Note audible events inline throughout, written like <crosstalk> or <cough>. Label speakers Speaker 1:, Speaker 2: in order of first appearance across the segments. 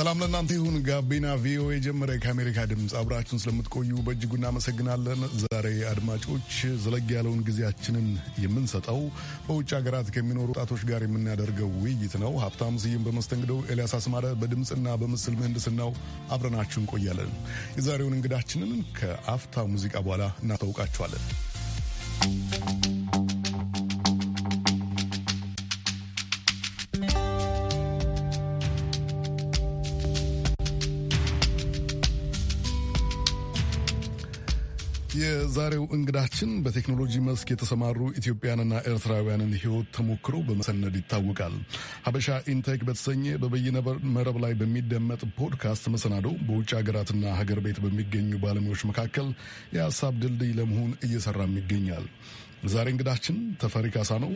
Speaker 1: ሰላም ለእናንተ ይሁን። ጋቢና ቪኦኤ ጀመረ። ከአሜሪካ ድምፅ አብራችሁን ስለምትቆዩ በእጅጉ እናመሰግናለን። ዛሬ አድማጮች፣ ዘለግ ያለውን ጊዜያችንን የምንሰጠው በውጭ ሀገራት ከሚኖሩ ወጣቶች ጋር የምናደርገው ውይይት ነው። ሀብታም ስዩም በመስተንግደው፣ ኤልያስ አስማረ በድምፅና በምስል ምህንድስናው አብረናችሁ እንቆያለን። የዛሬውን እንግዳችንን ከአፍታ ሙዚቃ በኋላ እናስታውቃችኋለን። የዛሬው እንግዳችን በቴክኖሎጂ መስክ የተሰማሩ ኢትዮጵያንና ኤርትራውያንን ሕይወት ተሞክሮ በመሰነድ ይታወቃል። ሀበሻ ኢንቴክ በተሰኘ በበይነ መረብ ላይ በሚደመጥ ፖድካስት መሰናዶ በውጭ ሀገራትና ሀገር ቤት በሚገኙ ባለሙያዎች መካከል የሀሳብ ድልድይ ለመሆን እየሰራም ይገኛል። ዛሬ እንግዳችን ተፈሪ ካሳ ነው።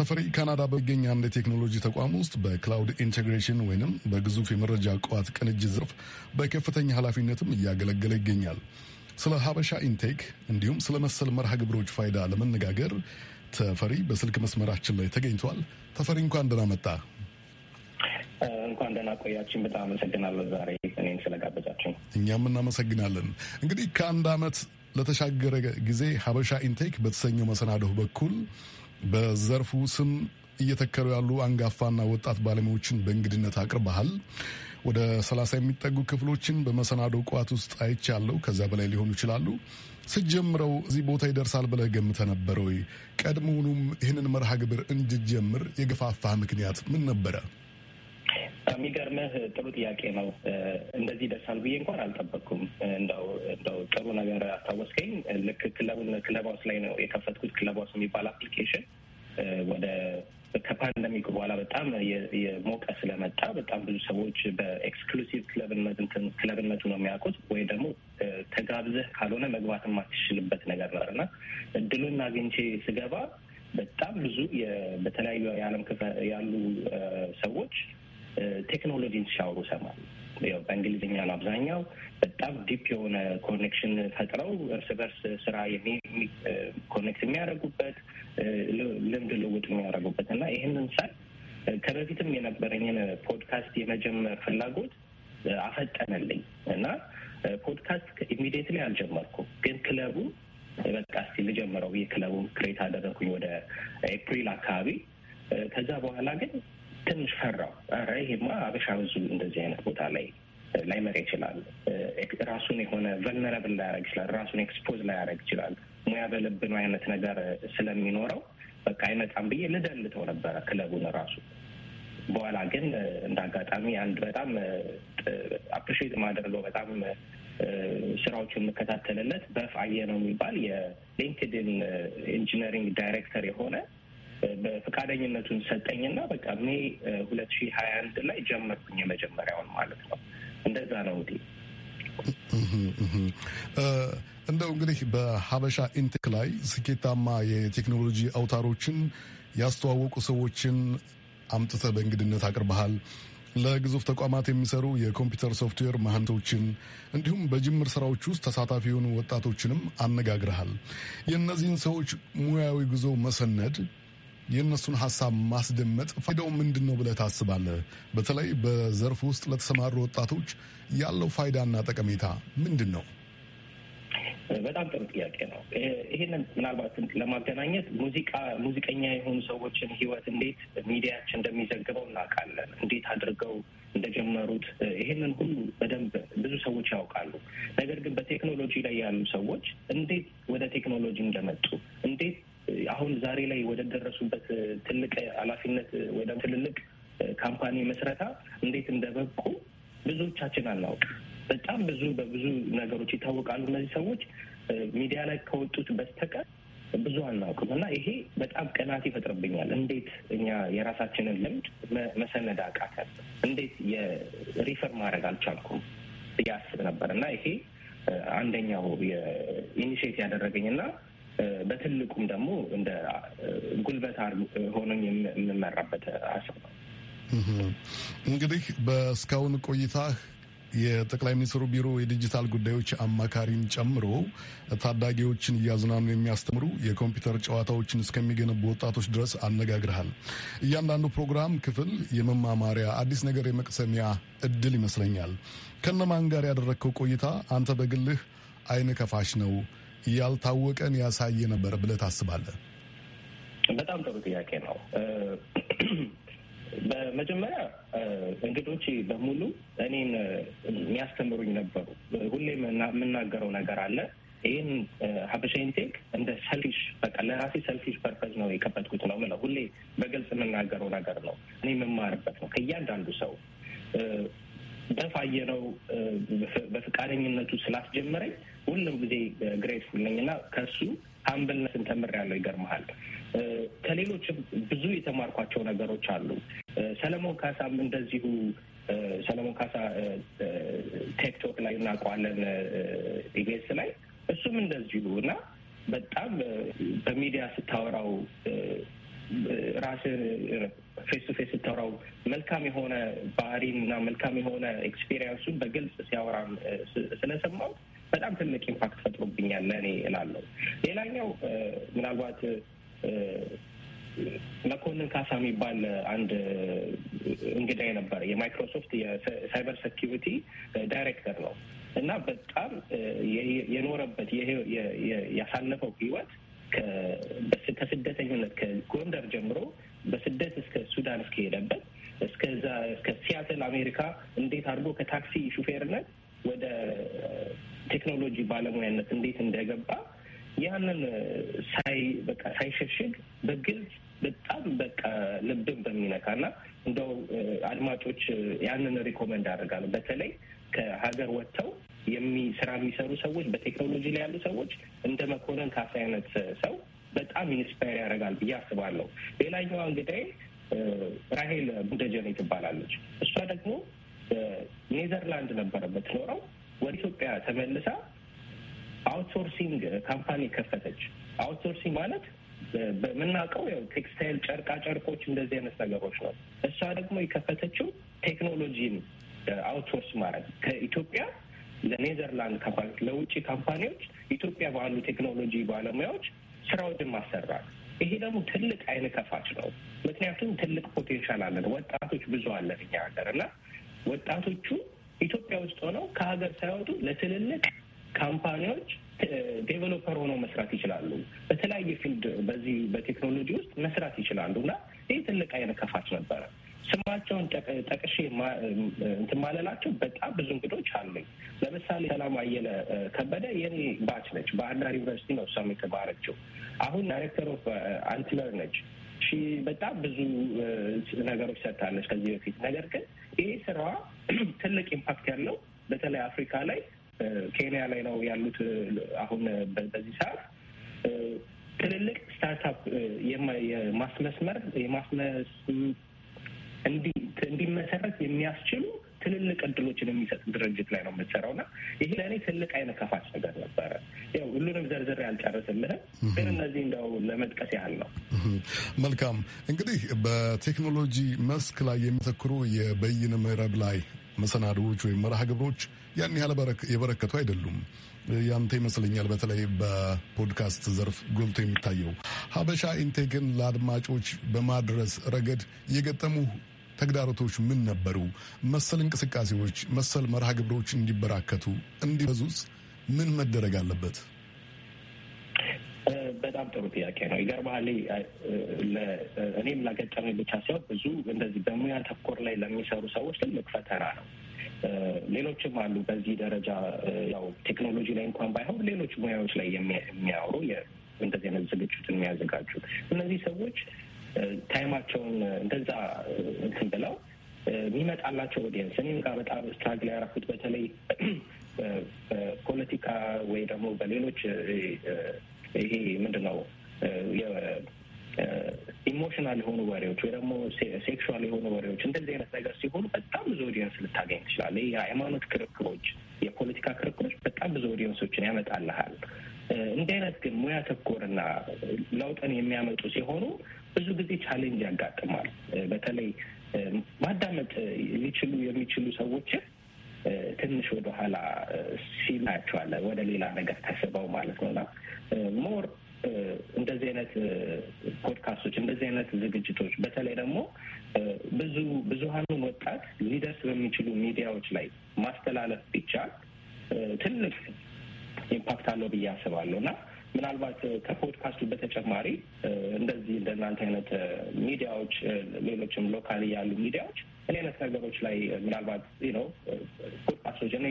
Speaker 1: ተፈሪ ካናዳ በሚገኝ አንድ የቴክኖሎጂ ተቋም ውስጥ በክላውድ ኢንቴግሬሽን ወይንም በግዙፍ የመረጃ ቋት ቅንጅት ዘርፍ በከፍተኛ ኃላፊነትም እያገለገለ ይገኛል። ስለ ሀበሻ ኢንቴክ እንዲሁም ስለ መሰል መርሃ ግብሮች ፋይዳ ለመነጋገር ተፈሪ በስልክ መስመራችን ላይ ተገኝቷል። ተፈሪ እንኳን ደህና መጣ። እንኳን ደህና ቆያችን። በጣም አመሰግናለሁ ዛሬ እኔን ስለጋበዛችን። እኛም እናመሰግናለን። እንግዲህ ከአንድ ዓመት ለተሻገረ ጊዜ ሀበሻ ኢንቴክ በተሰኘው መሰናዶህ በኩል በዘርፉ ስም እየተከሉ ያሉ አንጋፋና ወጣት ባለሙያዎችን በእንግድነት አቅርበሃል። ወደ 30 የሚጠጉ ክፍሎችን በመሰናዶ ቋት ውስጥ አይቻለሁ። ከዚያ በላይ ሊሆኑ ይችላሉ። ስጀምረው እዚህ ቦታ ይደርሳል ብለህ ገምተ ነበር ወይ? ቀድሞውኑም ይህንን መርሃ ግብር እንድጀምር የገፋፋህ ምክንያት ምን ነበረ?
Speaker 2: የሚገርምህ ጥሩ ጥያቄ ነው። እንደዚህ ደርሳል ብዬ እንኳን አልጠበቅኩም። እንደው እንደው ጥሩ ነገር አስታወስከኝ። ልክ ክለቡን ክለብ ላይ ነው የከፈትኩት። ክለብ የሚባል አፕሊኬሽን ወደ ከፓንደሚክ በኋላ በጣም የሞቀ ስለመጣ በጣም ብዙ ሰዎች በኤክስክሉሲቭ ክለብነቱ ነው የሚያውቁት ወይ ደግሞ ተጋብዘህ ካልሆነ መግባት የማትችልበት ነገር ነበር እና እድሉን አግኝቼ ስገባ በጣም ብዙ በተለያዩ የዓለም ክፍል ያሉ ሰዎች ቴክኖሎጂን ሲያወሩ ሰማል በእንግሊዝኛ ነው አብዛኛው። በጣም ዲፕ የሆነ ኮኔክሽን ፈጥረው እርስ በርስ ስራ ኮኔክት የሚያደርጉበት ልምድ ልውጥ የሚያደርጉበት እና ይህንን ሳይ ከበፊትም የነበረኝን ፖድካስት የመጀመር ፍላጎት አፈጠነልኝ እና ፖድካስት ኢሚዲየትሊ አልጀመርኩም፣ ግን ክለቡ በቃ እስኪ ልጀምረው ብዬ ክለቡ ክሬት አደረኩኝ ወደ ኤፕሪል አካባቢ። ከዛ በኋላ ግን ትንሽ ፈራው። ኧረ ይሄማ አበሻ ብዙ እንደዚህ አይነት ቦታ ላይ ላይመጣ ይችላል። ራሱን የሆነ ቨልነረብል ላያደረግ ይችላል። ራሱን ኤክስፖዝ ላያደረግ ይችላል። ሙያ በለብነው አይነት ነገር ስለሚኖረው በቃ አይመጣም ብዬ ልደልተው ነበረ ክለቡን ራሱ። በኋላ ግን እንደ አጋጣሚ አንድ በጣም አፕሪሺየት ማደርገው በጣም ስራዎቹን የምከታተልለት በፍ ነው የሚባል የሊንክድን ኢንጂነሪንግ ዳይሬክተር የሆነ በፈቃደኝነቱን ሰጠኝና በቃ ሜ ሁለት ሺህ ሀያ አንድ ላይ ጀመርኩኝ የመጀመሪያውን ማለት ነው። እንደዛ ነው እንግዲህ
Speaker 1: እንደው እንግዲህ በሀበሻ ኢንቴክ ላይ ስኬታማ የቴክኖሎጂ አውታሮችን ያስተዋወቁ ሰዎችን አምጥተ በእንግድነት አቅርበሃል። ለግዙፍ ተቋማት የሚሰሩ የኮምፒውተር ሶፍትዌር መሐንቶችን እንዲሁም በጅምር ስራዎች ውስጥ ተሳታፊ የሆኑ ወጣቶችንም አነጋግረሃል። የእነዚህን ሰዎች ሙያዊ ጉዞ መሰነድ የእነሱን ሀሳብ ማስደመጥ ፋይዳው ምንድን ነው ብለህ ታስባለህ? በተለይ በዘርፍ ውስጥ ለተሰማሩ ወጣቶች ያለው ፋይዳና ጠቀሜታ ምንድን ነው?
Speaker 2: በጣም ጥሩ ጥያቄ ነው። ይህንን ምናልባት ለማገናኘት ሙዚቃ ሙዚቀኛ የሆኑ ሰዎችን ህይወት እንዴት ሚዲያችን እንደሚዘግበው እናውቃለን። እንዴት አድርገው እንደጀመሩት ይህንን ሁሉ በደንብ ብዙ ሰዎች ያውቃሉ። ነገር ግን በቴክኖሎጂ ላይ ያሉ ሰዎች እንዴት ወደ ቴክኖሎጂ እንደመጡ እንዴት አሁን ዛሬ ላይ ወደደረሱበት ትልቅ ኃላፊነት ወደ ትልልቅ ካምፓኒ መስረታ እንዴት እንደበቁ ብዙዎቻችን አናውቅ። በጣም ብዙ በብዙ ነገሮች ይታወቃሉ እነዚህ ሰዎች ሚዲያ ላይ ከወጡት በስተቀር ብዙ አናውቅም እና ይሄ በጣም ቅናት ይፈጥርብኛል። እንዴት እኛ የራሳችንን ልምድ መሰነድ አቃተን? እንዴት የሪፈር ማድረግ አልቻልኩም ያስብ ነበር እና ይሄ አንደኛው ኢኒሽት ያደረገኝ እና በትልቁም ደግሞ እንደ ጉልበት ሆነን የምመራበት ሀሳብ ነው።
Speaker 1: እንግዲህ በእስካሁን ቆይታህ የጠቅላይ ሚኒስትሩ ቢሮ የዲጂታል ጉዳዮች አማካሪን ጨምሮ ታዳጊዎችን እያዝናኑ የሚያስተምሩ የኮምፒውተር ጨዋታዎችን እስከሚገነቡ ወጣቶች ድረስ አነጋግረሃል። እያንዳንዱ ፕሮግራም ክፍል የመማማሪያ አዲስ ነገር የመቅሰሚያ እድል ይመስለኛል። ከነማን ጋር ያደረግከው ቆይታ አንተ በግልህ አይን ከፋሽ ነው ያልታወቀን ያሳየ ነበር ብለህ ታስባለህ?
Speaker 2: በጣም ጥሩ ጥያቄ ነው። በመጀመሪያ እንግዶች በሙሉ እኔን የሚያስተምሩኝ ነበሩ። ሁሌ የምናገረው ነገር አለ። ይህን ሀበሻይን ቴክ እንደ ሰልፊሽ በቃ ለራሴ ሰልፊሽ ፐርፐዝ ነው የከፈትኩት ነው ምለው። ሁሌ በግልጽ የምናገረው ነገር ነው። እኔ የምማርበት ነው ከእያንዳንዱ ሰው በፋየነው በፈቃደኝነቱ ስላስጀመረኝ ሁሉም ጊዜ ግሬትፉል ነኝ እና ከሱ ሀምብልነስን ተምሬያለሁ። ይገርመሃል ከሌሎችም ብዙ የተማርኳቸው ነገሮች አሉ። ሰለሞን ካሳም እንደዚሁ ሰለሞን ካሳ ቴክቶክ ላይ እናውቀዋለን፣ ኢቤስ ላይ እሱም እንደዚሁ እና በጣም በሚዲያ ስታወራው ራስን ፌስ ቱ ፌስ ስታወራው መልካም የሆነ ባህሪን እና መልካም የሆነ ኤክስፔሪንሱን በግልጽ ሲያወራም ስለሰማው በጣም ትልቅ ኢምፓክት ፈጥሮብኛል ለእኔ እላለሁ። ሌላኛው ምናልባት መኮንን ካሳ የሚባል አንድ እንግዳ የነበረ የማይክሮሶፍት የሳይበር ሴኪሪቲ ዳይሬክተር ነው እና በጣም የኖረበት ያሳለፈው ህይወት ከስደተኝነት ከጎንደር ጀምሮ በስደት እስከ ሱዳን እስከሄደበት እስከዛ እስከ ሲያትል አሜሪካ እንዴት አድርጎ ከታክሲ ሹፌርነት ወደ ቴክኖሎጂ ባለሙያነት እንዴት እንደገባ ያንን ሳይ በቃ ሳይሸሽግ በግልጽ በጣም በቃ ልብን በሚነካና እንደው አድማጮች ያንን ሪኮመንድ አደርጋለሁ። በተለይ ከሀገር ወጥተው ስራ የሚሰሩ ሰዎች በቴክኖሎጂ ላይ ያሉ ሰዎች እንደ መኮንን ካሳ አይነት ሰው በጣም ኢንስፓየር ያደርጋል ብዬ አስባለሁ። ሌላኛዋ እንግዲ ራሄል ቡደጀኔ ትባላለች። እሷ ደግሞ ኔዘርላንድ ነበረ የምትኖረው። ወደ ኢትዮጵያ ተመልሳ አውትሶርሲንግ ካምፓኒ ከፈተች። አውትሶርሲንግ ማለት በምናውቀው ያው ቴክስታይል፣ ጨርቃ ጨርቆች፣ እንደዚህ አይነት ነገሮች ነው። እሷ ደግሞ የከፈተችው ቴክኖሎጂን አውትሶርስ ማለት ከኢትዮጵያ ለኔዘርላንድ ካምፓኒ ለውጭ ካምፓኒዎች ኢትዮጵያ ባሉ ቴክኖሎጂ ባለሙያዎች ስራዎችን ማሰራት። ይሄ ደግሞ ትልቅ አይን ከፋች ነው። ምክንያቱም ትልቅ ፖቴንሻል አለን፣ ወጣቶች ብዙ አለን እኛ ሀገር እና ወጣቶቹ ኢትዮጵያ ውስጥ ሆነው ከሀገር ሳይወጡ ለትልልቅ ካምፓኒዎች ዴቨሎፐር ሆነው መስራት ይችላሉ። በተለያየ ፊልድ በዚህ በቴክኖሎጂ ውስጥ መስራት ይችላሉ እና ይህ ትልቅ አይነ ከፋች ነበረ። ስማቸውን ጠቅሼ እንትን ማለላቸው በጣም ብዙ እንግዶች አሉኝ። ለምሳሌ ሰላም አየለ ከበደ የኔ ባች ነች። ባህርዳር ዩኒቨርሲቲ ነው እሷም የተማረችው። አሁን ዳይሬክተር ኦፍ አንትለር ነች። ሺ በጣም ብዙ ነገሮች ሰጥታለች ከዚህ በፊት። ነገር ግን ይሄ ስራዋ <clears throat> ትልቅ ኢምፓክት ያለው በተለይ አፍሪካ ላይ ኬንያ ላይ ነው ያሉት አሁን በዚህ ሰዓት ትልልቅ ስታርታፕ የማስመስመር የማስመስ እንዲመሰረት የሚያስችሉ ትልልቅ እድሎችን የሚሰጥ ድርጅት ላይ ነው የምትሰራው እና ይሄ ለእኔ ትልቅ አይነት ከፋች ነገር ነበረ። ያው ሁሉንም ዘርዝሬ አልጨርስልህም፣ ግን እነዚህ እንደው ለመጥቀስ ያህል ነው።
Speaker 1: መልካም እንግዲህ በቴክኖሎጂ መስክ ላይ የሚተክሩ የበይነ መረብ ላይ መሰናዶዎች ወይም መርሃ ግብሮች ያን ያህል የበረከቱ አይደሉም። ያንተ ይመስለኛል በተለይ በፖድካስት ዘርፍ ጎልቶ የሚታየው ሀበሻ ኢንቴግን ለአድማጮች በማድረስ ረገድ የገጠሙ ተግዳሮቶች ምን ነበሩ? መሰል እንቅስቃሴዎች፣ መሰል መርሃ ግብሮች እንዲበራከቱ እንዲበዙስ ምን መደረግ አለበት?
Speaker 2: በጣም ጥሩ ጥያቄ ነው። ይገርማል። እኔም ለገጠመኝ ብቻ ሳይሆን ብዙ እንደዚህ በሙያ ተኮር ላይ ለሚሰሩ ሰዎች ትልቅ ፈተና ነው። ሌሎችም አሉ በዚህ ደረጃ ያው ቴክኖሎጂ ላይ እንኳን ባይሆን ሌሎች ሙያዎች ላይ የሚያወሩ እንደዚህ አይነት ዝግጅት የሚያዘጋጁ እነዚህ ሰዎች ታይማቸውን እንደዛ እንትን ብለው የሚመጣላቸው ኦዲየንስ እኔም ጋር በጣም ስትራግል ያደረኩት በተለይ ፖለቲካ ወይ ደግሞ በሌሎች ይሄ ምንድን ነው ኢሞሽናል የሆኑ ወሬዎች ወይ ደግሞ ሴክሹዋል የሆኑ ወሬዎች እንደዚህ አይነት ነገር ሲሆኑ በጣም ብዙ ኦዲየንስ ልታገኝ ትችላለ። የሃይማኖት ክርክሮች፣ የፖለቲካ ክርክሮች በጣም ብዙ ኦዲየንሶችን ያመጣልሃል። እንዲህ አይነት ግን ሙያ ተኮርና ለውጥን የሚያመጡ ሲሆኑ ብዙ ጊዜ ቻሌንጅ ያጋጥማል። በተለይ ማዳመጥ ሊችሉ የሚችሉ ሰዎችን ትንሽ ወደኋላ ሲናያቸዋለ ወደ ሌላ ነገር ተስበው ማለት ነውና ሞር እንደዚህ አይነት ፖድካስቶች፣ እንደዚህ አይነት ዝግጅቶች በተለይ ደግሞ ብዙ ብዙሀኑን ወጣት ሊደርስ በሚችሉ ሚዲያዎች ላይ ማስተላለፍ ቢቻል ትልቅ ኢምፓክት አለው ብዬ አስባለሁ እና ምናልባት ከፖድካስቱ በተጨማሪ እንደዚህ እንደናንተ አይነት ሚዲያዎች፣ ሌሎችም ሎካሊ ያሉ ሚዲያዎች እኔ አይነት ነገሮች ላይ ምናልባት ነው ፖድካስቶች እኔ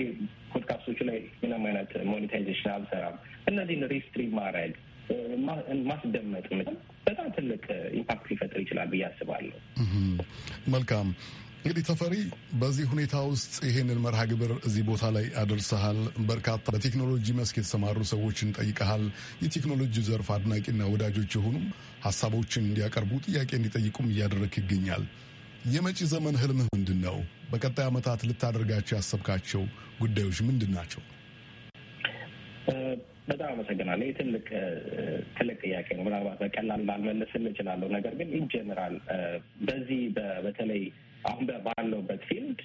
Speaker 2: ፖድካስቶቹ ላይ ምንም አይነት ሞኔታይዜሽን አልሰራም። እነዚህን ሪስትሪም ማድረግ ማስደመጥ በጣም ትልቅ ኢምፓክት ሊፈጥር ይችላል ብዬ አስባለሁ።
Speaker 1: መልካም እንግዲህ ተፈሪ በዚህ ሁኔታ ውስጥ ይሄንን መርሃ ግብር እዚህ ቦታ ላይ አደርሰሃል። በርካታ በቴክኖሎጂ መስክ የተሰማሩ ሰዎችን ጠይቀሃል። የቴክኖሎጂ ዘርፍ አድናቂና ወዳጆች የሆኑም ሀሳቦችን እንዲያቀርቡ ጥያቄ እንዲጠይቁም እያደረግ ይገኛል። የመጪ ዘመን ህልምህ ምንድን ነው? በቀጣይ ዓመታት ልታደርጋቸው ያሰብካቸው ጉዳዮች ምንድን ናቸው?
Speaker 2: በጣም አመሰግናለሁ። ትልቅ ትልቅ ጥያቄ ነው። ምናልባት በቀላል ላልመለስል እችላለሁ። ነገር ግን ኢንጀነራል በዚህ በተለይ አሁን ባለውበት ፊልድ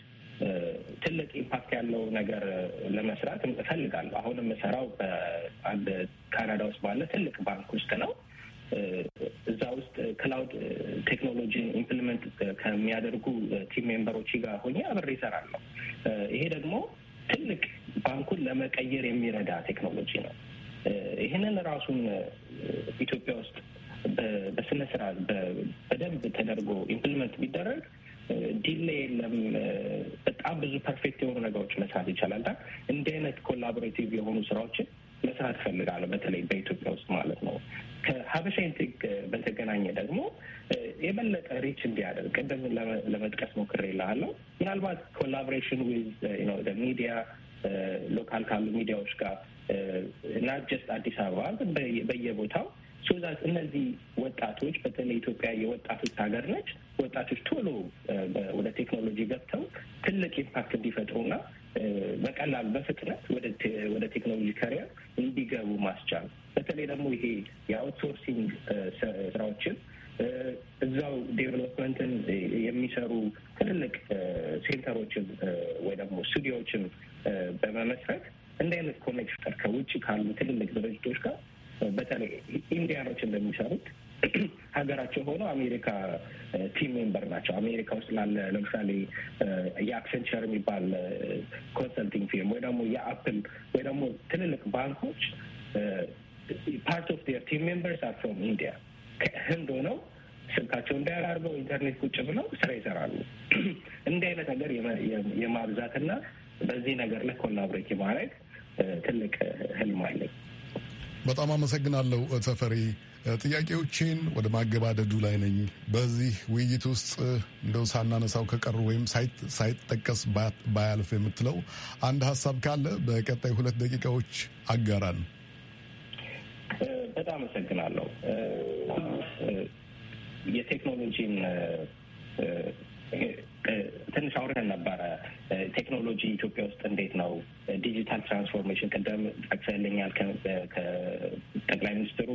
Speaker 2: ትልቅ ኢምፓክት ያለው ነገር ለመስራት እፈልጋለሁ። አሁን የምሰራው በአንድ ካናዳ ውስጥ ባለ ትልቅ ባንክ ውስጥ ነው። እዛ ውስጥ ክላውድ ቴክኖሎጂን ኢምፕሊመንት ከሚያደርጉ ቲም ሜምበሮች ጋር ሆኜ አብሬ እሰራለሁ። ይሄ ደግሞ ትልቅ ባንኩን ለመቀየር የሚረዳ ቴክኖሎጂ ነው። ይህንን ራሱን ኢትዮጵያ ውስጥ በስነ ስርዓት በደንብ ተደርጎ ኢምፕሊመንት ቢደረግ ዲሌ የለም። በጣም ብዙ ፐርፌክት የሆኑ ነገሮች መስራት ይቻላል። እና እንዲህ አይነት ኮላቦሬቲቭ የሆኑ ስራዎችን መስራት እፈልጋለሁ፣ በተለይ በኢትዮጵያ ውስጥ ማለት ነው። ከሀበሻ ኢንቴክ በተገናኘ ደግሞ የበለጠ ሪች እንዲያደርግ ቅድም ለመጥቀስ ሞክሬ እልሃለሁ። ምናልባት ኮላቦሬሽን ዊዝ ሚዲያ ሎካል ካሉ ሚዲያዎች ጋር ናት ጀስት አዲስ አበባ በየቦታው ሱዛት እነዚህ ወጣቶች በተለይ ኢትዮጵያ የወጣቶች ሀገር ነች። ወጣቶች ቶሎ ወደ ቴክኖሎጂ ገብተው ትልቅ ኢምፓክት እንዲፈጥሩና በቀላሉ በፍጥነት ወደ ቴክኖሎጂ ከሪያ እንዲገቡ ማስቻል በተለይ ደግሞ ይሄ የአውትሶርሲንግ ስራዎችን እዛው ዴቨሎፕመንትን የሚሰሩ ትልልቅ ሴንተሮችን ወይ ደግሞ ስቱዲዮዎችን በመመስረት እንደ አይነት ኮኔክሽን ከውጭ ካሉ ትልልቅ ድርጅቶች ጋር በተለይ ኢንዲያኖች እንደሚሰሩት ሀገራቸው ሆነው አሜሪካ ቲም ሜምበር ናቸው። አሜሪካ ውስጥ ላለ ለምሳሌ የአክሰንቸር የሚባል ኮንሰልቲንግ ፊርም ወይ ደግሞ የአፕል ወይ ደግሞ ትልልቅ ባንኮች ፓርት ኦፍ ዴር ቲም ሜምበርስ አር ፍሮም ኢንዲያ ከህንድ ሆነው ስልካቸው እንዳያራርገው ኢንተርኔት ቁጭ ብለው ስራ ይሰራሉ። እንዲህ አይነት ነገር የማብዛትና በዚህ ነገር ላይ ኮላብሬት የማድረግ ትልቅ ህልም አለኝ።
Speaker 1: በጣም አመሰግናለሁ ተፈሪ። ጥያቄዎቼን ወደ ማገባደዱ ላይ ነኝ። በዚህ ውይይት ውስጥ እንደው ሳናነሳው ከቀሩ ወይም ሳይጠቀስ ባያልፍ የምትለው አንድ ሀሳብ ካለ በቀጣይ ሁለት ደቂቃዎች አጋራን።
Speaker 2: በጣም አመሰግናለሁ። የቴክኖሎጂን ትንሽ አውርተን ነበረ። ቴክኖሎጂ ኢትዮጵያ ውስጥ እንዴት ነው ዲጂታል ትራንስፎርሜሽን፣ ቅደም ጠቅሰልኛል። ከጠቅላይ ሚኒስትሩ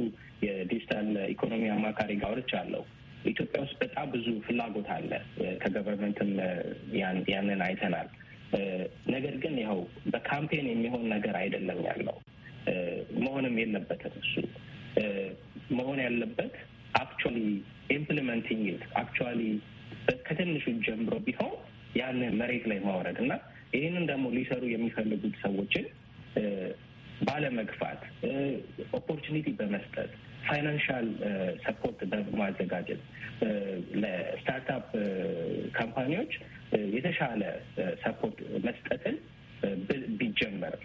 Speaker 2: የዲጂታል ኢኮኖሚ አማካሪ ጋር አውርቻለሁ። ኢትዮጵያ ውስጥ በጣም ብዙ ፍላጎት አለ። ከገቨርንመንትም ያንን አይተናል። ነገር ግን ያው በካምፔን የሚሆን ነገር አይደለም ያለው፣ መሆንም የለበትም እሱ መሆን ያለበት አክቹዋሊ ኢምፕሊመንቲንግ አክቹዋሊ ከትንሹ ጀምሮ ቢሆን ያንን መሬት ላይ ማውረድ እና ይህንን ደግሞ ሊሰሩ የሚፈልጉት ሰዎችን ባለመግፋት ኦፖርቹኒቲ በመስጠት ፋይናንሻል ሰፖርት በማዘጋጀት ለስታርታፕ ካምፓኒዎች የተሻለ ሰፖርት መስጠትን ቢጀመር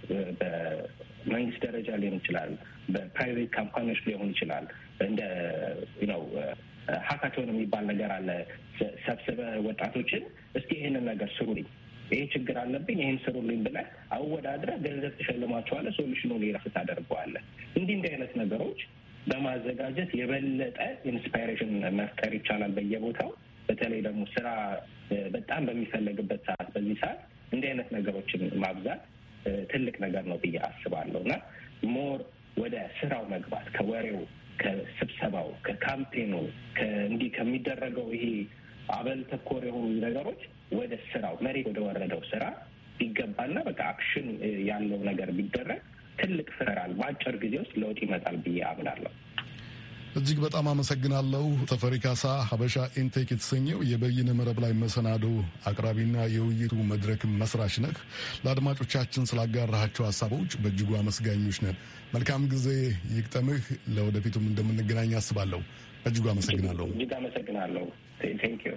Speaker 2: በመንግስት ደረጃ ሊሆን ይችላል፣ በፕራይቬት ካምፓኒዎች ሊሆን ይችላል እንደ ነው ሀካቸውን የሚባል ነገር አለ። ሰብስበ ወጣቶችን እስኪ ይህንን ነገር ስሩልኝ፣ ይሄ ችግር አለብኝ፣ ይህን ስሩልኝ ብለህ አወዳድረህ ገንዘብ ትሸልማቸዋለህ። ሶሉሽኑን የራስህ ታደርገዋለህ። እንዲህ እንዲህ አይነት ነገሮች በማዘጋጀት የበለጠ ኢንስፓይሬሽን መፍጠር ይቻላል በየቦታው በተለይ ደግሞ ስራ በጣም በሚፈለግበት ሰዓት በዚህ ሰዓት እንዲህ አይነት ነገሮችን ማብዛት ትልቅ ነገር ነው ብዬ አስባለሁ እና ሞር ወደ ስራው መግባት ከወሬው ከስብሰባው፣ ከካምፔኑ፣ እንዲህ ከሚደረገው ይሄ አበል ተኮር የሆኑ ነገሮች ወደ ስራው መሬት ወደ ወረደው ስራ ቢገባና በቃ አክሽን ያለው ነገር ቢደረግ ትልቅ ፍራል በአጭር ጊዜ ውስጥ ለውጥ ይመጣል ብዬ አምናለሁ።
Speaker 1: እጅግ በጣም አመሰግናለሁ። ተፈሪ ካሳ ሀበሻ ኢንቴክ የተሰኘው የበይነ መረብ ላይ መሰናዶ አቅራቢና የውይይቱ መድረክ መስራች ነህ። ለአድማጮቻችን ስላጋራሃቸው ሀሳቦች በእጅጉ አመስጋኞች ነን። መልካም ጊዜ ይግጠምህ። ለወደፊቱም እንደምንገናኝ አስባለሁ። በእጅጉ አመሰግናለሁ። እጅግ አመሰግናለሁ። ቴንክ ዩ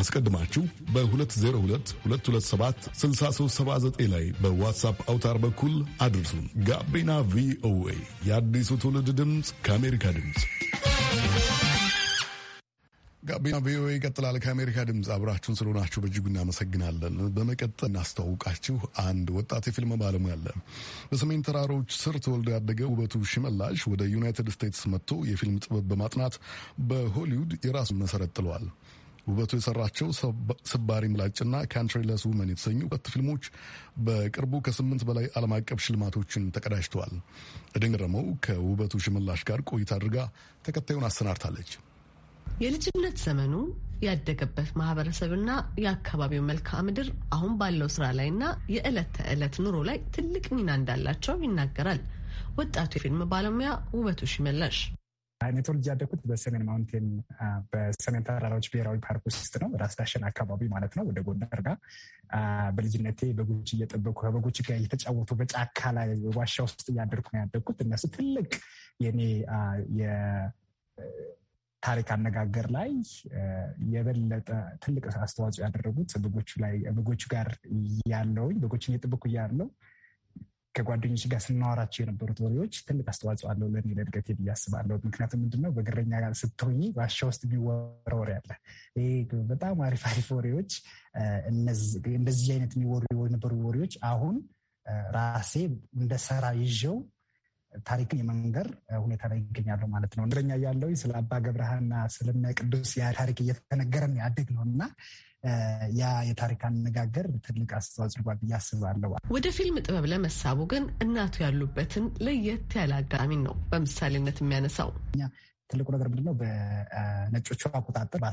Speaker 1: አስቀድማችሁ በ2022276379 ላይ በዋትሳፕ አውታር በኩል አድርሱን። ጋቢና ቪኦኤ የአዲሱ ትውልድ ድምፅ ከአሜሪካ ድምፅ ጋቢና ቪኦኤ ይቀጥላል። ከአሜሪካ ድምፅ አብራችሁን ስለሆናችሁ በእጅጉ እናመሰግናለን። በመቀጠል እናስተዋውቃችሁ አንድ ወጣት የፊልም ባለሙያ አለ። በሰሜን ተራሮች ስር ተወልዶ ያደገ ውበቱ ሽመላሽ ወደ ዩናይትድ ስቴትስ መጥቶ የፊልም ጥበብ በማጥናት በሆሊውድ የራሱን መሰረት ጥለዋል። ውበቱ የሰራቸው ስባሪ ምላጭና ካንትሪለስ ውመን የተሰኙ ሁለት ፊልሞች በቅርቡ ከስምንት በላይ ዓለም አቀፍ ሽልማቶችን ተቀዳጅተዋል። እድንረመው ከውበቱ ሽመላሽ ጋር ቆይታ አድርጋ ተከታዩን አሰናድታለች።
Speaker 3: የልጅነት ዘመኑ ያደገበት ማህበረሰብና የአካባቢው መልክዓ ምድር አሁን ባለው ስራ ላይና የዕለት ተዕለት ኑሮ ላይ ትልቅ ሚና እንዳላቸው ይናገራል ወጣቱ የፊልም ባለሙያ
Speaker 4: ውበቱ ሽመላሽ እኔ ተወልጄ ያደኩት በሰሜን ማውንቴን በሰሜን ተራራዎች ብሔራዊ ፓርክ ውስጥ ነው። ራስ ዳሸን አካባቢ ማለት ነው። ወደ ጎንደር ጋ። በልጅነቴ በጎች እየጠበኩ ከበጎች ጋር እየተጫወቱ በጫካ ላይ ዋሻ ውስጥ እያደርኩ ነው ያደኩት። እነሱ ትልቅ የኔ ታሪክ አነጋገር ላይ የበለጠ ትልቅ አስተዋጽኦ ያደረጉት በጎቹ ላይ በጎቹ ጋር ያለውኝ በጎችን እየጠበኩ ያለው ከጓደኞች ጋር ስናወራቸው የነበሩት ወሬዎች ትልቅ አስተዋጽኦ አለው ለእኔ ለእድገቴ ብዬ አስባለሁ። ምክንያቱም ምንድነው በግረኛ ጋር ስትሆኝ ዋሻ ውስጥ የሚወራ ወሬ አለ። በጣም አሪፍ አሪፍ ወሬዎች፣ እንደዚህ አይነት የሚወሩ የነበሩ ወሬዎች አሁን ራሴ እንደ ሰራ ይዤው ታሪክን የመንገር ሁኔታ ላይ ይገኛለሁ ማለት ነው። እንደኛ ያለው ስለ አባ ገብረሃና ስለና ቅዱስ ያ ታሪክ እየተነገረን ያደግ ነው እና ያ የታሪክ አነጋገር ትልቅ አስተዋጽኦ ጓል ብዬ አስባለሁ።
Speaker 3: ወደ ፊልም ጥበብ ለመሳቡ ግን እናቱ ያሉበትን ለየት ያለ አጋጣሚን ነው
Speaker 4: በምሳሌነት የሚያነሳው። ትልቁ ነገር ምንድነው? በነጮቹ አቆጣጠር በ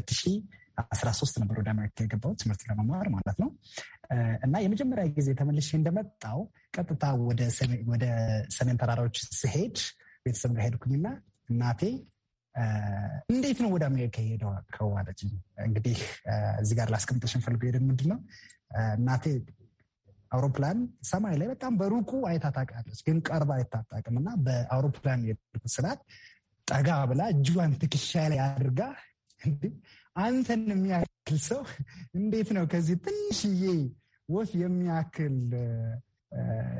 Speaker 4: 2 አስራ ሶስት ነበር ወደ አሜሪካ የገባው ትምህርት ለመማር ማለት ነው። እና የመጀመሪያ ጊዜ ተመልሼ እንደመጣው ቀጥታ ወደ ሰሜን ተራራዎች ስሄድ ቤተሰብ ጋር ሄድኩኝና እናቴ እንዴት ነው ወደ አሜሪካ የሄደው ከዋለች። እንግዲህ እዚህ ጋር ላስቀምጠሽ እንፈልገው ሄደ ምንድን ነው እናቴ አውሮፕላን ሰማይ ላይ በጣም በሩቁ አይታ ታውቃለች፣ ግን ቀርባ አይታጣቅም እና በአውሮፕላን የሄድኩት ስላት ጠጋ ብላ እጅዋን ትከሻ ላይ አድርጋ አንተን የሚያክል ሰው እንዴት ነው ከዚህ ትንሽዬ ወፍ የሚያክል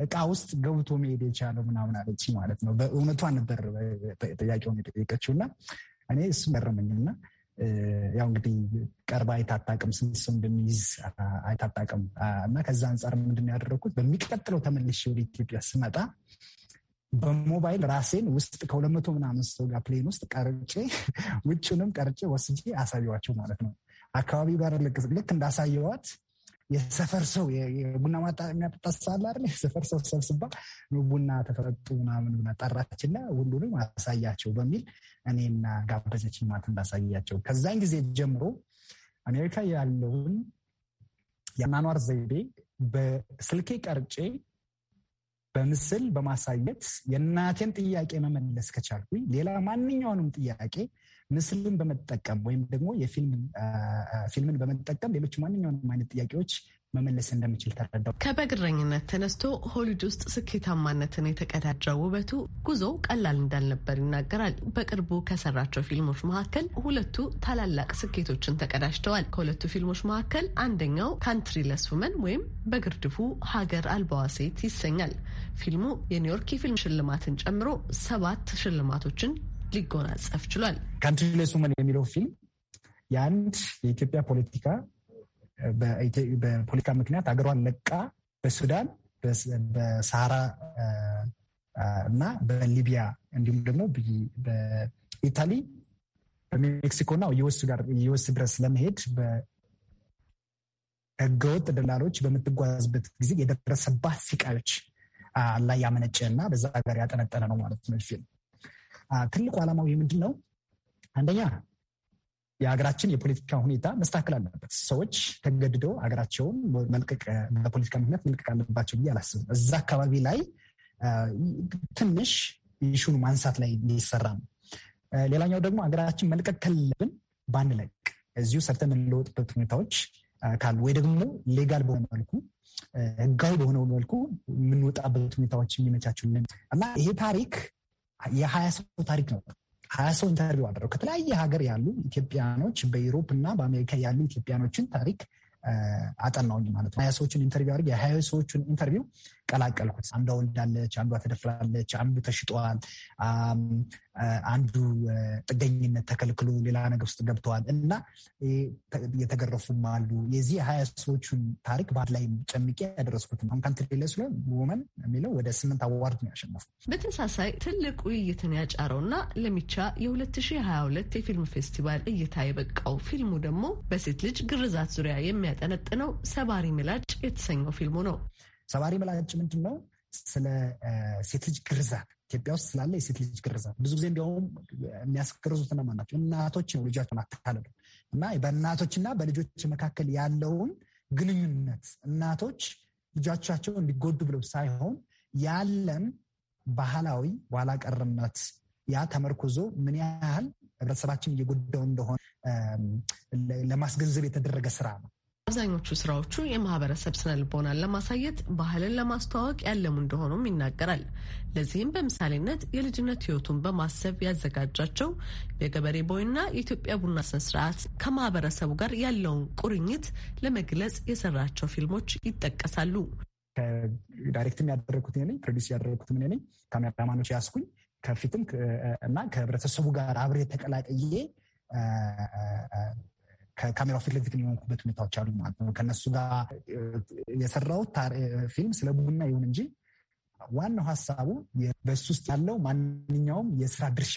Speaker 4: እቃ ውስጥ ገብቶ መሄድ የቻለው ምናምን አለች ማለት ነው። በእውነቷ ነበር ጥያቄውን የጠየቀችው እና እኔ እሱ መረመኝና ያው እንግዲህ ቀርባ አይታጣቅም ስንት ሰው እንደሚይዝ አይታጣቅም እና ከዛ አንጻር ምንድን ያደረግኩት በሚቀጥለው ተመልሼ ወደ ኢትዮጵያ ስመጣ በሞባይል ራሴን ውስጥ ከሁለት መቶ ምናምን ሰው ጋር ፕሌን ውስጥ ቀርጬ <laughs> ውጭንም ቀርጬ ወስጄ አሳየዋቸው ማለት ነው። አካባቢው ጋር ልክ እንዳሳየዋት የሰፈር ሰው የቡና ማጣ የሚያጠጣ ሳለ አይደል የሰፈር ሰው ሰብስባ ቡና ተፈጡ ምናምን ብላ ጠራችና ሁሉንም አሳያቸው በሚል እኔና ጋበዘች ማት እንዳሳያቸው። ከዛን ጊዜ ጀምሮ አሜሪካ ያለውን የአኗኗር ዘይቤ በስልኬ ቀርጬ በምስል በማሳየት የእናቴን ጥያቄ መመለስ ከቻልኩኝ ሌላ ማንኛውንም ጥያቄ ምስልን በመጠቀም ወይም ደግሞ የፊልምን በመጠቀም ሌሎች ማንኛውንም አይነት ጥያቄዎች መመለስ እንደምችል ተረዳው።
Speaker 3: ከበግረኝነት ተነስቶ ሆሊድ ውስጥ ስኬታማነትን የተቀዳጀው ውበቱ ጉዞው ቀላል እንዳልነበር ይናገራል። በቅርቡ ከሰራቸው ፊልሞች መካከል ሁለቱ ታላላቅ ስኬቶችን ተቀዳጅተዋል። ከሁለቱ ፊልሞች መካከል አንደኛው ካንትሪለስ ውመን ወይም በግርድፉ ሀገር አልባዋ ሴት ይሰኛል። ፊልሙ የኒውዮርክ የፊልም ሽልማትን ጨምሮ ሰባት ሽልማቶችን ሊጎናጸፍ
Speaker 4: ችሏል። ካንትሪለስ ውመን የሚለው ፊልም የአንድ የኢትዮጵያ ፖለቲካ በፖለቲካ ምክንያት ሀገሯን ለቃ በሱዳን በሳራ እና በሊቢያ እንዲሁም ደግሞ በኢታሊ በሜክሲኮና ዩኤስ ጋር የወስ ድረስ ለመሄድ በህገወጥ ደላሎች በምትጓዝበት ጊዜ የደረሰባት ስቃዮች ላይ ያመነጨ እና በዛ ሀገር ያጠነጠነ ነው ማለት ነው። ፊልም ትልቁ ዓላማው ምንድን ነው? አንደኛ የሀገራችን የፖለቲካ ሁኔታ መስተካከል አለበት። ሰዎች ተገድዶ ሀገራቸውን መልቀቅ በፖለቲካ ምክንያት መልቀቅ አለባቸው ብዬ አላስብም። እዛ አካባቢ ላይ ትንሽ ይሹን ማንሳት ላይ ሊሰራ ነው። ሌላኛው ደግሞ ሀገራችን መልቀቅ ከለብን ባንለቅ እዚሁ ሰርተ የምንለወጥበት ሁኔታዎች ካሉ ወይ ደግሞ ሌጋል በሆነ መልኩ ህጋዊ በሆነ መልኩ የምንወጣበት ሁኔታዎች የሚመቻችልን እና ይሄ ታሪክ የሀያ ሰው ታሪክ ነው። ሀያ ሰው ኢንተርቪው አደረው ከተለያየ ሀገር ያሉ ኢትዮጵያኖች በዩሮፕ እና በአሜሪካ ያሉ ኢትዮጵያኖችን ታሪክ አጠናውኝ ማለት ነው። ሀያ ሰዎችን ኢንተርቪው አድርግ የሀያ ሰዎችን ኢንተርቪው ቀላቀልኩት። አንዷ ወልዳለች፣ አንዷ ተደፍራለች፣ አንዱ ተሽጧል፣ አንዱ ጥገኝነት ተከልክሎ ሌላ ነገር ውስጥ ገብተዋል እና የተገረፉም አሉ። የዚህ ሀያ ሰዎቹን ታሪክ በአንድ ላይ ጨምቄ ያደረስኩት አሁን ካንትሪ ላይ ስለሆን ውመን የሚለው ወደ ስምንት አዋርድ ነው ያሸነፉ።
Speaker 3: በተመሳሳይ ትልቅ ውይይትን ያጫረው እና ለሚቻ የ2022 የፊልም ፌስቲቫል እይታ የበቃው ፊልሙ ደግሞ በሴት ልጅ ግርዛት ዙሪያ የሚያጠነጥነው ሰባሪ ምላጭ
Speaker 4: የተሰኘው ፊልሙ ነው። ሰባሪ ምላጭ ምንድን ነው? ስለ ሴት ልጅ ግርዛት ኢትዮጵያ ውስጥ ስላለ የሴት ልጅ ግርዛት ብዙ ጊዜ እንዲያውም የሚያስገርዙት እነማን ናቸው? እናቶች ነው ልጃቸውን አታለሉ እና በእናቶችና በልጆች መካከል ያለውን ግንኙነት እናቶች ልጆቻቸው እንዲጎዱ ብለው ሳይሆን ያለን ባህላዊ ኋላ ቀርነት ያ ተመርኮዞ ምን ያህል ህብረተሰባችን እየጎዳው እንደሆነ ለማስገንዘብ የተደረገ ስራ ነው።
Speaker 3: አብዛኞቹ ስራዎቹ የማህበረሰብ ስነ ልቦናን ለማሳየት ባህልን ለማስተዋወቅ ያለሙ እንደሆኑም ይናገራል። ለዚህም በምሳሌነት የልጅነት ህይወቱን በማሰብ ያዘጋጃቸው የገበሬ ቦይና የኢትዮጵያ ቡና ስነ ስርዓት ከማህበረሰቡ ጋር ያለውን ቁርኝት ለመግለጽ የሰራቸው ፊልሞች
Speaker 4: ይጠቀሳሉ። ከዳይሬክትም ያደረግኩት ነኝ፣ ፕሮዲስ ያደረግኩት ምን ነኝ፣ ካሜራማኖች ያስኩኝ ከፊትም እና ከህብረተሰቡ ጋር አብሬ ተቀላቀዬ ከካሜራው ፊት ለፊት የሆንኩበት ሁኔታዎች አሉ ማለት ነው። ከነሱ ጋር የሰራሁት ፊልም ስለ ቡና ይሁን እንጂ ዋናው ሀሳቡ በሱ ውስጥ ያለው ማንኛውም የስራ ድርሻ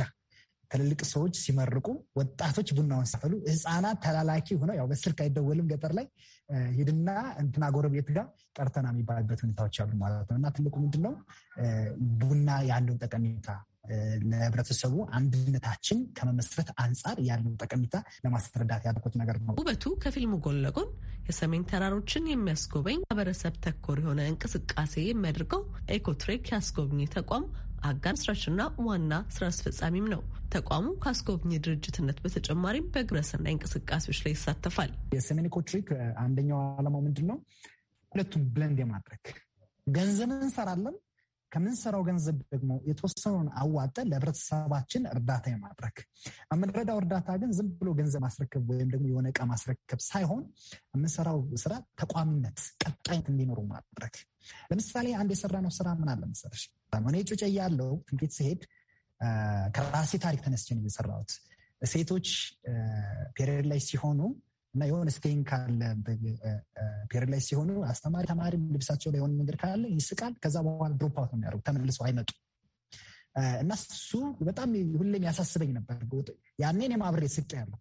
Speaker 4: ትልልቅ ሰዎች ሲመርቁ፣ ወጣቶች ቡናውን ሲፈሉ ህፃናት ተላላኪ ሆነው ያው በስልክ አይደወልም ገጠር ላይ ሂድና እንትና ጎረቤት ጋር ጠርተና የሚባልበት ሁኔታዎች አሉ ማለት ነው እና ትልቁ ምንድን ነው ቡና ያለው ጠቀሜታ ለህብረተሰቡ አንድነታችን ከመመስረት አንጻር ያለው ጠቀሜታ ለማስረዳት ያደረኩት ነገር ነው። ውበቱ ከፊልሙ ጎን ለጎን የሰሜን ተራሮችን የሚያስጎበኝ
Speaker 3: ማህበረሰብ ተኮር የሆነ እንቅስቃሴ የሚያደርገው ኤኮትሬክ ያስጎብኝ ተቋም አጋር ስራችና ዋና ስራ አስፈጻሚም ነው። ተቋሙ ካስጎብኝ ድርጅትነት በተጨማሪም
Speaker 4: በግብረሰናይ እንቅስቃሴዎች ላይ ይሳተፋል። የሰሜን ኤኮትሪክ አንደኛው ዓላማው ምንድን ነው? ሁለቱም ብለንድ የማድረግ ገንዘብ እንሰራለን፣ ከምንሰራው ገንዘብ ደግሞ የተወሰነውን አዋጠን ለህብረተሰባችን እርዳታ የማድረግ የምንረዳው እርዳታ ግን ዝም ብሎ ገንዘብ ማስረከብ ወይም ደግሞ የሆነ ዕቃ ማስረከብ ሳይሆን የምንሰራው ስራ ተቋሚነት፣ ቀጣይነት እንዲኖሩ ማድረግ። ለምሳሌ አንድ የሰራነው ስራ ምን አለ መሰለሽ፣ እኔ ጩጬ ያለው ትንቤት ስሄድ ከራሴ ታሪክ ተነስቼ ነው የሰራሁት። ሴቶች ፔሪድ ላይ ሲሆኑ እና የሆነ ስቴን ካለ ፔሪድ ላይ ሲሆኑ አስተማሪ ተማሪ ልብሳቸው ላይ የሆነ ነገር ካለ ይስቃል። ከዛ በኋላ ድሮፕ አውት ነው የሚያደርጉ ተመልሰው አይመጡ እና እሱ በጣም ሁሌም ያሳስበኝ ነበር። ያኔ እኔም አብሬ ስቅ ያለው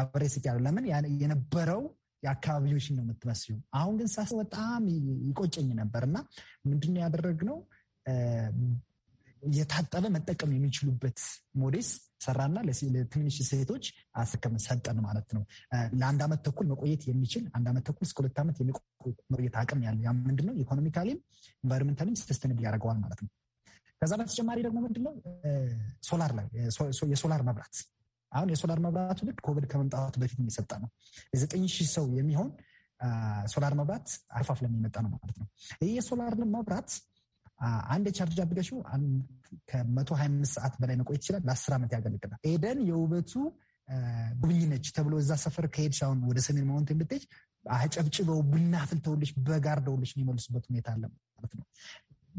Speaker 4: አብሬ ስቅ ያለው ለምን የነበረው የአካባቢዎችን ነው የምትመስሉ። አሁን ግን ሳስበው በጣም ይቆጨኝ ነበር እና ምንድን ነው ያደረግነው የታጠበ መጠቀም የሚችሉበት ሞዴስ ሰራና ለትንሽ ሴቶች አስከም ሰጠን ማለት ነው። ለአንድ ዓመት ተኩል መቆየት የሚችል አንድ ዓመት ተኩል እስከ ሁለት ዓመት የመቆየት አቅም ያለ ያ ምንድነው ኢኮኖሚካሊም ኢንቫይሮንሜንታሊም ስስተንብል ያደርገዋል ማለት ነው። ከዛ በተጨማሪ ደግሞ ምንድነው ሶላር ላይ የሶላር መብራት አሁን የሶላር መብራቱ ልክ ኮቪድ ከመምጣቱ በፊት የሰጠ ነው። ዘጠኝ ሺህ ሰው የሚሆን ሶላር መብራት አከፋፍለን ለሚመጣ ነው ማለት ነው። ይህ የሶላር መብራት አንድ የቻርጅ አፕሊኬሽኑ ከ125 ሰዓት በላይ መቆየት ይችላል። ለአስር ዓመት ያገለግላል። ኤደን የውበቱ ጉብኝነች ተብሎ እዛ ሰፈር ከሄድሽ አሁን ወደ ሰሜን ማውንት የምትሄጅ አጨብጭበው ቡና አፍልተውልሽ በጋርደውልሽ የሚመልሱበት ሁኔታ አለ ማለት ነው።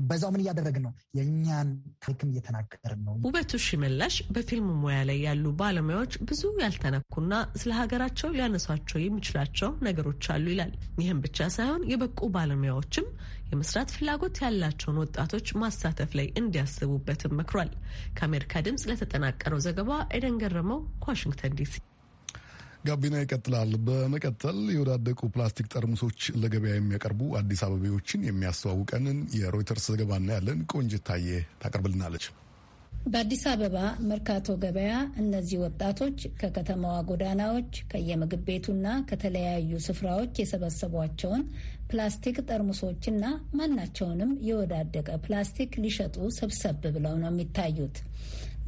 Speaker 4: በዛው ምን እያደረግን ነው? የእኛን ታሪክም እየተናገርን ነው።
Speaker 3: ውበቱ ሽመላሽ በፊልም ሙያ ላይ ያሉ ባለሙያዎች ብዙ ያልተነኩና ስለ ሀገራቸው ሊያነሷቸው የሚችላቸው ነገሮች አሉ ይላል። ይህም ብቻ ሳይሆን የበቁ ባለሙያዎችም የመስራት ፍላጎት ያላቸውን ወጣቶች ማሳተፍ ላይ እንዲያስቡበትም መክሯል። ከአሜሪካ ድምፅ ለተጠናቀረው ዘገባ ኤደን ገረመው ከዋሽንግተን
Speaker 1: ዲሲ ጋቢና ይቀጥላል። በመቀጠል የወዳደቁ ፕላስቲክ ጠርሙሶች ለገበያ የሚያቀርቡ አዲስ አበቤዎችን የሚያስተዋውቀንን የሮይተርስ ዘገባ እናያለን። ቆንጅት ታዬ
Speaker 5: ታቀርብልናለች። በአዲስ አበባ መርካቶ ገበያ እነዚህ ወጣቶች ከከተማዋ ጎዳናዎች ከየምግብ ቤቱና ከተለያዩ ስፍራዎች የሰበሰቧቸውን ፕላስቲክ ጠርሙሶችና ማናቸውንም የወዳደቀ ፕላስቲክ ሊሸጡ ሰብሰብ ብለው ነው የሚታዩት።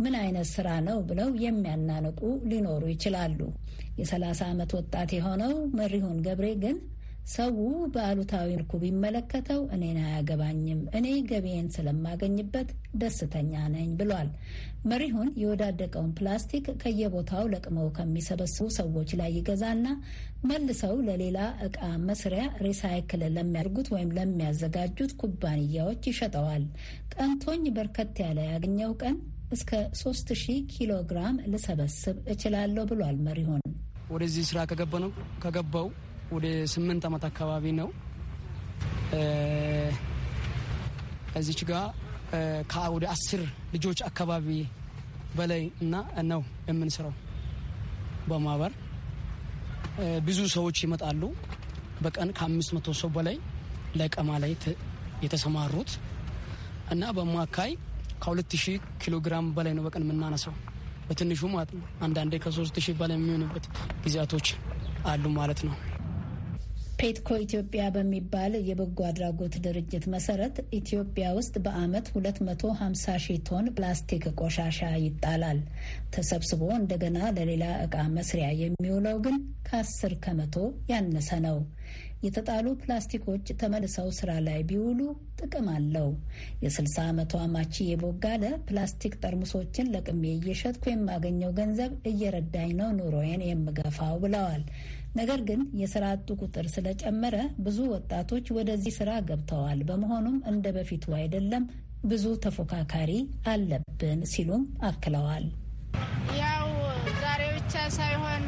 Speaker 5: ምን አይነት ስራ ነው ብለው የሚያናንቁ ሊኖሩ ይችላሉ። የ30 ዓመት ወጣት የሆነው መሪሁን ገብሬ ግን ሰው በአሉታዊ መልኩ ቢመለከተው እኔን አያገባኝም፣ እኔ ገቢዬን ስለማገኝበት ደስተኛ ነኝ ብሏል። መሪሁን የወዳደቀውን ፕላስቲክ ከየቦታው ለቅመው ከሚሰበስቡ ሰዎች ላይ ይገዛና መልሰው ለሌላ እቃ መስሪያ ሪሳይክል ለሚያደርጉት ወይም ለሚያዘጋጁት ኩባንያዎች ይሸጠዋል። ቀንቶኝ በርከት ያለ ያገኘው ቀን እስከ 3000 ኪሎ ግራም ልሰበስብ እችላለሁ ብሏል። መሪሆን ወደዚህ ስራ ከገባ ነው ከገባው ወደ ስምንት ዓመት አካባቢ ነው። እዚች ጋር ወደ አስር ልጆች አካባቢ በላይ እና ነው የምንስራው በማህበር ብዙ ሰዎች ይመጣሉ። በቀን ከአምስት መቶ ሰው በላይ ለቀማ ላይ የተሰማሩት እና በማካይ ከ2000 ኪሎ ግራም በላይ ነው በቀን የምናነሳው በትንሹ ማለት ነው። አንዳንዴ ከ3000 በላይ የሚሆንበት ጊዜያቶች አሉ ማለት ነው። ፔትኮ ኢትዮጵያ በሚባል የበጎ አድራጎት ድርጅት መሰረት ኢትዮጵያ ውስጥ በዓመት 250 ሺ ቶን ፕላስቲክ ቆሻሻ ይጣላል። ተሰብስቦ እንደገና ለሌላ ዕቃ መስሪያ የሚውለው ግን ከ10 ከመቶ ያነሰ ነው። የተጣሉ ፕላስቲኮች ተመልሰው ስራ ላይ ቢውሉ ጥቅም አለው። የ60 ዓመቷ ማቺ የቦጋለ ፕላስቲክ ጠርሙሶችን ለቅሜ እየሸጥኩ የማገኘው ገንዘብ እየረዳኝ ነው ኑሮዬን የምገፋው ብለዋል። ነገር ግን የስራ አጡ ቁጥር ስለጨመረ ብዙ ወጣቶች ወደዚህ ስራ ገብተዋል። በመሆኑም እንደ በፊቱ አይደለም፣ ብዙ ተፎካካሪ አለብን ሲሉም አክለዋል። ያው ዛሬ ብቻ ሳይሆን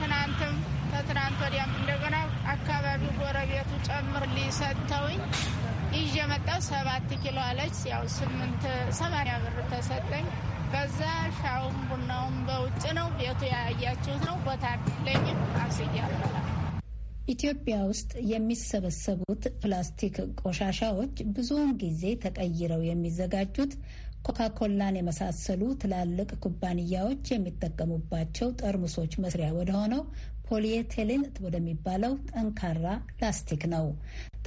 Speaker 5: ትናንትም ከትናንት ወዲያም እንደገና አካባቢው ጎረቤቱ ጨምር ሊሰጥተውኝ ይዤ መጣሁ። ሰባት ኪሎ አለች። ያው ስምንት ሰማንያ ብር ተሰጠኝ። ከዛ ሻውም ቡናውም በውጭ ነው። ቤቱ ያያችሁት ነው። ቦታ አድለኝም አብስያ ኢትዮጵያ ውስጥ የሚሰበሰቡት ፕላስቲክ ቆሻሻዎች ብዙውን ጊዜ ተቀይረው የሚዘጋጁት ኮካኮላን የመሳሰሉ ትላልቅ ኩባንያዎች የሚጠቀሙባቸው ጠርሙሶች መስሪያ ወደሆነው ፖሊኤቴሊን ወደሚባለው ጠንካራ ላስቲክ ነው።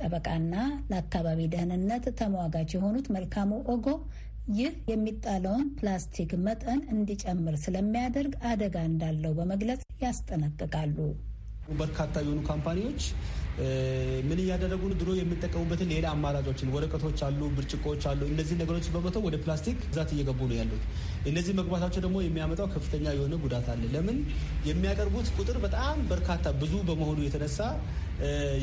Speaker 5: ጠበቃና ለአካባቢ ደህንነት ተሟጋች የሆኑት መልካሙ ኦጎ ይህ የሚጣለውን ፕላስቲክ መጠን እንዲጨምር ስለሚያደርግ አደጋ እንዳለው በመግለጽ ያስጠነቅቃሉ።
Speaker 4: በርካታ የሆኑ ካምፓኒዎች ምን እያደረጉን ድሮ የምንጠቀሙበትን ሌላ አማራጮችን ወረቀቶች አሉ፣ ብርጭቆዎች አሉ። እነዚህ ነገሮች በመተው ወደ ፕላስቲክ ብዛት እየገቡ ነው ያሉት። እነዚህ መግባታቸው ደግሞ የሚያመጣው ከፍተኛ የሆነ ጉዳት አለ። ለምን የሚያቀርቡት ቁጥር በጣም በርካታ ብዙ በመሆኑ የተነሳ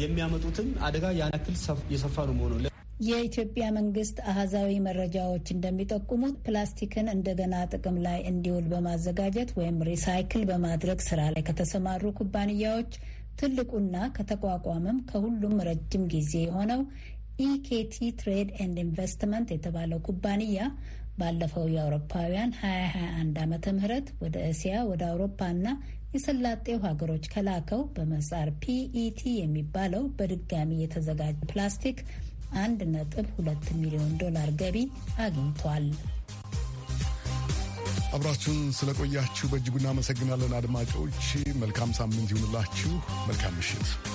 Speaker 4: የሚያመጡትን አደጋ ያን ያክል የሰፋ ነው መሆኑ
Speaker 5: የኢትዮጵያ መንግስት አሃዛዊ መረጃዎች እንደሚጠቁሙት ፕላስቲክን እንደገና ጥቅም ላይ እንዲውል በማዘጋጀት ወይም ሪሳይክል በማድረግ ስራ ላይ ከተሰማሩ ኩባንያዎች ትልቁና ከተቋቋመም ከሁሉም ረጅም ጊዜ የሆነው ኢኬቲ ትሬድ ኤንድ ኢንቨስትመንት የተባለው ኩባንያ ባለፈው የአውሮፓውያን 2021 ዓመተ ምህረት ወደ እስያ ወደ አውሮፓና የሰላጤው ሀገሮች ከላከው በመጻር ፒኢቲ የሚባለው በድጋሚ የተዘጋጀ ፕላስቲክ አንድ ነጥብ ሁለት ሚሊዮን ዶላር ገቢ አግኝቷል።
Speaker 1: አብራችሁን ስለቆያችሁ በእጅጉ እናመሰግናለን አድማጮች። መልካም ሳምንት ይሁንላችሁ። መልካም ምሽት።